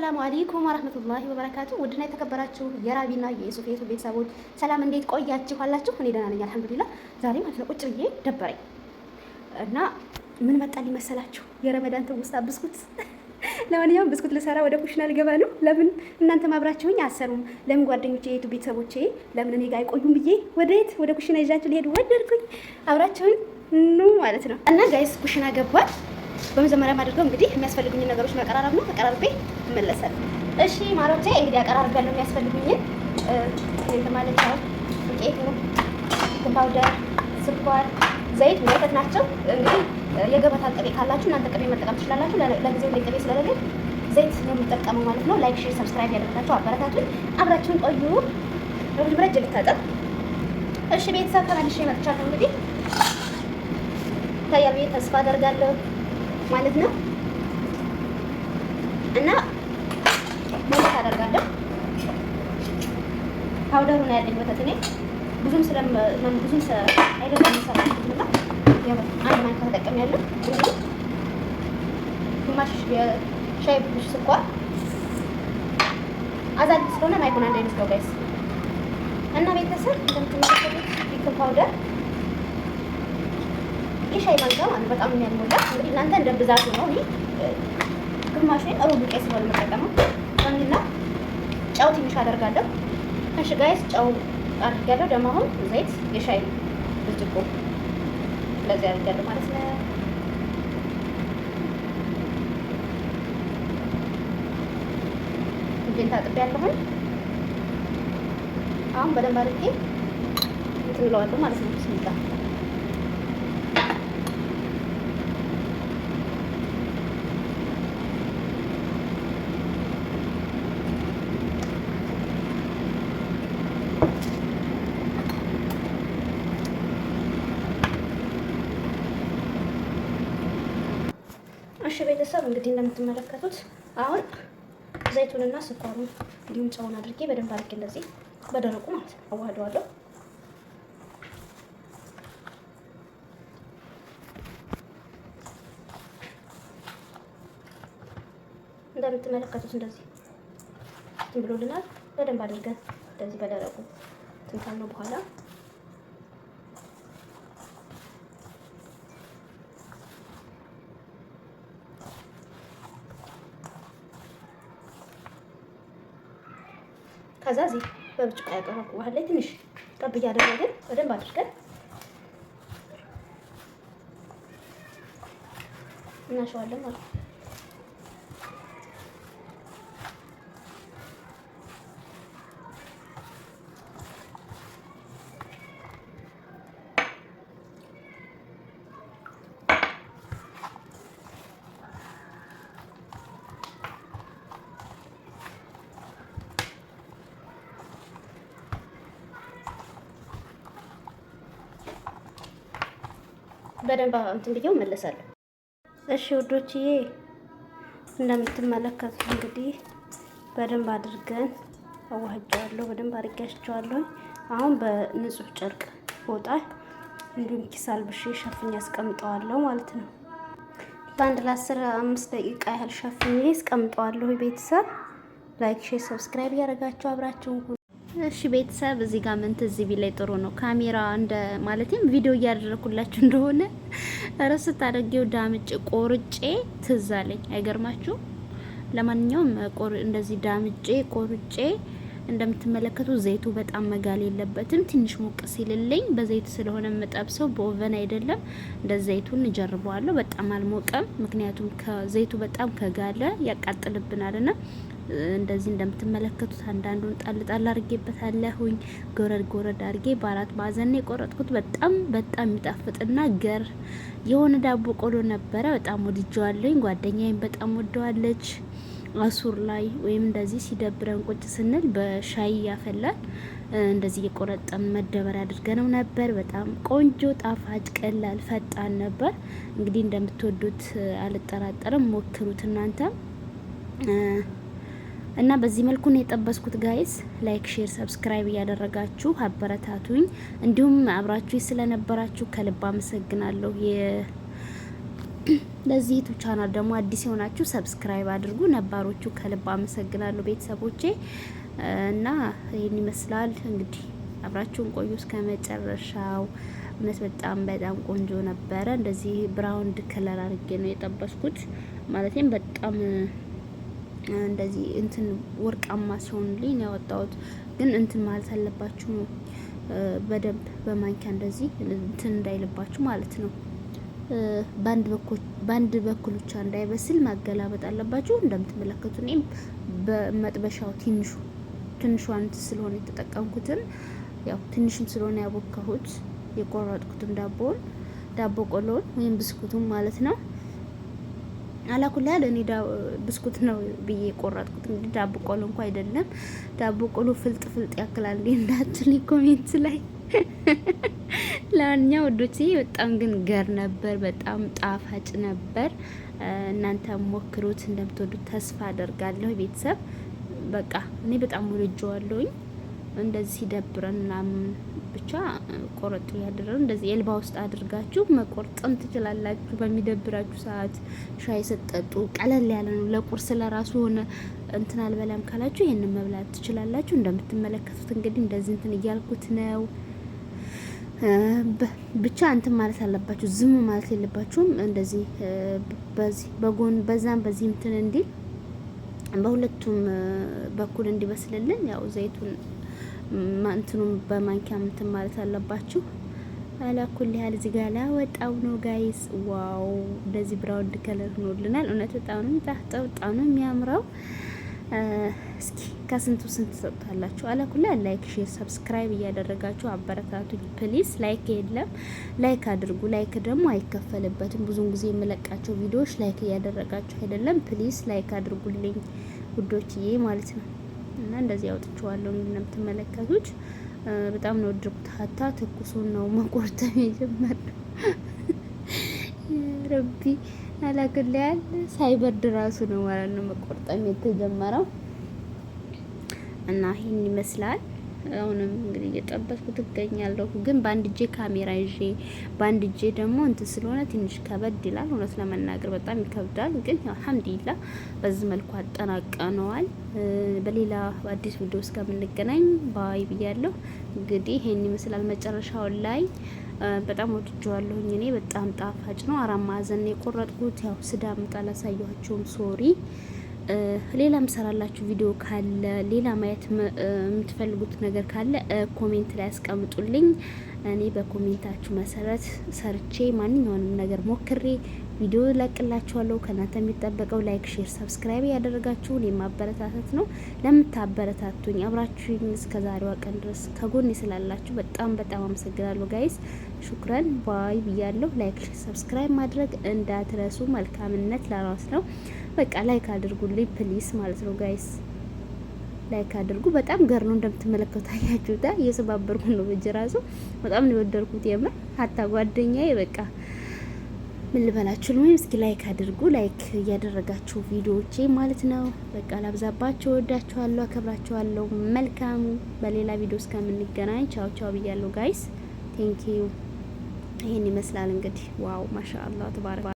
አሰላሙ አለይኩም ወራህመቱላሂ ወበረካቱ። ውድና የተከበራችሁ የራቢና የኢሱፍ የቱ ቤተሰቦች ሰላም፣ እንዴት ቆያችሁ አላችሁ? እኔ ደህና ነኝ አልሐምዱሊላህ። ዛሬ ማለት ነው ቁጭ ብዬ ደበረኝ እና ምን መጣ ሊመሰላችሁ የረመዳን ትውስታ ብስኩት። ለማንኛውም ብስኩት ልሰራ ወደ ኩሽና ልገባ ነው። ለምን እናንተ ማብራችሁኝ አሰሩም? ለምን ጓደኞቼ የቱ ቤተሰቦቼ ለምን እኔ ጋር አይቆዩም ብዬ ወደ ወደ ኩሽና ይዣችሁ ሊሄዱ ወደድኩኝ። አብራችሁኝ ኑ ማለት ነው እና ጋይስ ኩሽና ገባል በመጀመሪያ ማድረገው እንግዲህ የሚያስፈልጉኝ ነገሮች መቀራረብ ነው። ተቀራርቤ እመለሳለሁ። እሺ ማሮቼ፣ እንግዲህ አቀራርብ ያለው የሚያስፈልጉኝ እንትን ማለት ነው ዱቄት ነው፣ ፓውደር፣ ስኳር፣ ዘይት፣ ወተት ናቸው። እንግዲህ የገበታ ቅቤ ካላችሁ እናንተ ቅቤ መጠቀም ትችላላችሁ። ለጊዜው ቅቤ ስለሌለኝ ዘይት ነው የምጠቀመው ማለት ነው። ላይክ፣ ሼር፣ ሰብስክራይብ ያደረጋችሁ አበረታቱን፣ አብራችሁን ቆዩ። በመጀመሪያ እጅ ልታጠብ። እሺ ቤተሰብ ተመልሼ መጥቻለሁ። እንግዲህ ይታያል ብዬ ተስፋ አደርጋለሁ። ማለት ነው እና መልስ አደርጋለሁ። ፓውደሩ ነው ያለኝ ወተት እኔ ብዙም ስለ ብዙም አይደለም ሰራሁት ነው ያው አንድ ማንካ ተጠቅሜያለሁ። ግማሽ የሻይ ብሽ ስኳር አዛድ ስለሆነ ማይሆን አንድ አይነት ነው ጋይስ እና ቤተሰብ እንደምትመለከቱት ቤኪንግ ፓውደር የሻይ ማንካ ማለት በጣም የሚያሞላ እንግዲህ እናንተ እንደ ብዛቱ ነው። እኔ ግማሽን ሩብ ቄስ ነው የምጠቀመው። ቫኒላ ጨው ትንሽ አደርጋለሁ። እሺ ጋይስ ጨው አድርጋለሁ። ደግሞ አሁን ዘይት የሻይ ብርጭቆ ለዚህ አድርጋለሁ ማለት ነው። እጄን ታጥቤያለሁኝ። አሁን በደንብ አድርጌ እንትን እለዋለሁ ማለት ነው ስሚጣ እሺ ቤተሰብ እንግዲህ እንደምትመለከቱት አሁን ዘይቱንና ስኳሩ እንዲሁም ጨውን አድርጌ በደንብ አድርጌ እንደዚህ በደረቁ ማለት ነው አዋህደዋለሁ። እንደምትመለከቱት እንደዚህ እንትን ብሎልናል። በደንብ አድርገን እንደዚህ በደረቁ ትንታል ነው በኋላ ከዛ እዚህ በብርጭቆ ያቀረብኩ ውሃ ላይ ትንሽ ጠብ እያደረግን በደንብ አድርገን እናሸዋለን ማለት ነው። በደንብ እንትን ብዬው መለሳለሁ። እሺ ውዶችዬ እንደምትመለከቱት እንግዲህ በደንብ አድርገን አዋህጃለሁ። በደንብ አድርጌያቸዋለሁ። አሁን በንጹህ ጨርቅ ፎጣ እንዲሁም ኪስ አልብሼ ሸፍኝ አስቀምጠዋለሁ ማለት ነው። በአንድ ለአስር አምስት ደቂቃ ያህል ሸፍኝ አስቀምጠዋለሁ። ቤተሰብ ላይክ፣ ሼር፣ ሰብስክራይብ እያደረጋችሁ አብራችሁን እሺ ቤተሰብ እዚህ ጋር ምን ትዝ ቢላይ ጥሩ ነው ካሜራ እንደ ማለትም ቪዲዮ እያደረኩላችሁ እንደሆነ ረስ ታደርጊው ዳምጭ ቆርጬ ትዝ አለኝ። አይገርማችሁ? ለማንኛውም እንደዚህ ዳምጬ ቆርጬ እንደምትመለከቱ ዘይቱ በጣም መጋል የለበትም። ትንሽ ሞቅ ሲልልኝ በዘይት ስለሆነ የምጠብሰው በኦቨን አይደለም። እንደ ዘይቱን እጀርበዋለሁ። በጣም አልሞቀም፣ ምክንያቱም ከዘይቱ በጣም ከጋለ ያቃጥልብናልና እንደዚህ እንደምትመለከቱት አንዳንዱን ጣል ጣል አድርጌበታለሁኝ ጎረድ ጎረድ አድርጌ በአራት ማዕዘን የቆረጥኩት በጣም በጣም የሚጣፍጥና ገር የሆነ ዳቦ ቆሎ ነበረ። በጣም ወድጀዋለሁኝ። ጓደኛዬም በጣም ወደዋለች። አሱር ላይ ወይም እንደዚህ ሲደብረን ቁጭ ስንል በሻይ ያፈላል እንደዚህ የቆረጠን መደበር አድርገነው ነበር። በጣም ቆንጆ ጣፋጭ፣ ቀላል፣ ፈጣን ነበር። እንግዲህ እንደምትወዱት አልጠራጠርም። ሞክሩት እናንተ እና በዚህ መልኩ ነው የጠበስኩት። ጋይስ ላይክ፣ ሼር፣ ሰብስክራይብ እያደረጋችሁ አበረታቱኝ። እንዲሁም አብራችሁ ስለነበራችሁ ከልብ አመሰግናለሁ። ለዚህ ዩቱብ ቻናል ደግሞ አዲስ የሆናችሁ ሰብስክራይብ አድርጉ። ነባሮቹ ከልብ አመሰግናለሁ ቤተሰቦቼ። እና ይህን ይመስላል እንግዲህ አብራችሁን ቆዩ እስከ መጨረሻው። እውነት በጣም በጣም ቆንጆ ነበረ። እንደዚህ ብራውንድ ከለር አድርጌ ነው የጠበስኩት ማለቴም በጣም እንደዚህ እንትን ወርቃማ ሲሆንልኝ ነው ያወጣሁት። ግን እንትን ማለት አለባችሁ በደንብ በማንኪያ እንደዚህ እንትን እንዳይልባችሁ ማለት ነው። በአንድ በኩል ብቻ እንዳይበስል ማገላበጥ አለባችሁ። እንደምትመለከቱ እኔም በመጥበሻው ትንሹ ትንሿን ስለሆነ የተጠቀምኩትን ያው ትንሽም ስለሆነ ያቦካሁት የቆረጥኩትም ዳቦውን ዳቦ ቆሎውን ወይም ብስኩቱን ማለት ነው አላኩላል እኔ ብስኩት ነው ብዬ የቆረጥኩት። እንግዲህ ዳቦ ቆሎ እንኳ አይደለም። ዳቦ ቆሎ ፍልጥ ፍልጥ ያክላል እንዳትል ኮሜንት ላይ። ለማንኛውም ወዶቼ በጣም ግን ገር ነበር፣ በጣም ጣፋጭ ነበር። እናንተ ሞክሩት፣ እንደምትወዱት ተስፋ አደርጋለሁ ቤተሰብ። በቃ እኔ በጣም ወድጀዋለሁኝ። እንደዚህ ሲደብረን ምናምን ብቻ ቆረጥ ያደረን እንደዚህ ኤልባ ውስጥ አድርጋችሁ መቆርጠም ትችላላችሁ። በሚደብራችሁ ሰዓት ሻይ ስትጠጡ ቀለል ያለ ነው። ለቁርስ ለራሱ ሆነ እንትን አልበላም ካላችሁ ይህንን መብላት ትችላላችሁ። እንደምትመለከቱት እንግዲህ እንደዚህ እንትን እያልኩት ነው። ብቻ እንትን ማለት አለባችሁ፣ ዝም ማለት የለባችሁም። እንደዚህ በዚህ በጎን በዛም በዚህ እንትን እንዲል በሁለቱም በኩል እንዲበስልልን ያው ዘይቱን ማንትኑም በማንኪያ ምንትን ማለት አለባችሁ። አላኩል ያህል እዚህ ጋር ላወጣው ነው ጋይስ። ዋው እንደዚህ ብራውንድ ከለር ሆኖልናል። እውነት በጣም ነው የሚጣፍጠው፣ በጣም ነው የሚያምረው። እስኪ ከስንቱ ስንት ሰጥታላችሁ? አላኩል ያህል ላይክ፣ ሼር፣ ሰብስክራይብ እያደረጋችሁ አበረታቱ ፕሊስ። ላይክ የለም ላይክ አድርጉ። ላይክ ደግሞ አይከፈልበትም። ብዙውን ጊዜ የምለቃቸው ቪዲዮዎች ላይክ እያደረጋችሁ አይደለም። ፕሊስ ላይክ አድርጉልኝ ውዶችዬ ማለት ነው። እና እንደዚህ አውጥቼዋለሁ እንደምትመለከቱት በጣም ነው ወደድኩት። ሀታ ትኩሱን ነው መቆርጠም የጀመረው። ረቢ አላክልያል ሳይበርድ ራሱ ነው ማለት ነው መቆርጠም የተጀመረው እና ይህን ይመስላል። አሁንም እንግዲህ እየጠበቅኩ ትገኛለሁ። ግን በአንድ እጄ ካሜራ ይዤ በአንድ እጄ ደግሞ እንትን ስለሆነ ትንሽ ከበድ ይላል። እውነት ለመናገር በጣም ይከብዳል። ግን ያው አልሐምዱሊላ በዚህ መልኩ አጠናቀነዋል። በሌላ አዲስ ቪዲዮ እስከምንገናኝ ባይ ብያለሁ። እንግዲህ ይሄን ይመስላል መጨረሻው ላይ በጣም ወድጀዋለሁኝ። እኔ በጣም ጣፋጭ ነው። አራት ማዕዘን የቆረጥኩት ያው ስዳምጣ አላሳየኋቸውም። ሶሪ ሌላም ሰራላችሁ ቪዲዮ ካለ ሌላ ማየት የምትፈልጉት ነገር ካለ ኮሜንት ላይ አስቀምጡልኝ እኔ በኮሜንታችሁ መሰረት ሰርቼ ማንኛውንም ነገር ሞክሬ ቪዲዮ ለቅላችኋለሁ። ከእናንተ የሚጠበቀው ላይክ፣ ሼር፣ ሰብስክራይብ ያደረጋችሁ እኔ ማበረታታት ነው። ለምታበረታቱኝ አብራችሁኝ እስከ ዛሬዋ ቀን ድረስ ከጎን ስላላችሁ በጣም በጣም አመሰግናለሁ ጋይስ። ሹክረን ባይ ብያለሁ። ላይክ፣ ሼር፣ ሰብስክራይብ ማድረግ እንዳትረሱ። መልካምነት ለራስ ነው። በቃ ላይክ አድርጉልኝ ፕሊስ ማለት ነው ጋይስ ላይክ አድርጉ። በጣም ገር ነው እንደምትመለከቱ አያችሁታ፣ እየሰባበርኩ ነው በእጅ ራሱ በጣም ነው የወደድኩት። የምር ሀታ ጓደኛዬ በቃ ምን ልበላችሁ ነው። እስኪ ላይክ አድርጉ፣ ላይክ እያደረጋችሁ ቪዲዮዎቼ ማለት ነው። በቃ ላብዛባችሁ። ወዳችኋለሁ፣ አከብራችኋለሁ። መልካም በሌላ ቪዲዮ እስከምንገናኝ ቻው ቻው ብያለሁ ጋይስ። ቴንኪዩ። ይሄን ይመስላል እንግዲህ ዋው ማሻአላ ተባረከ።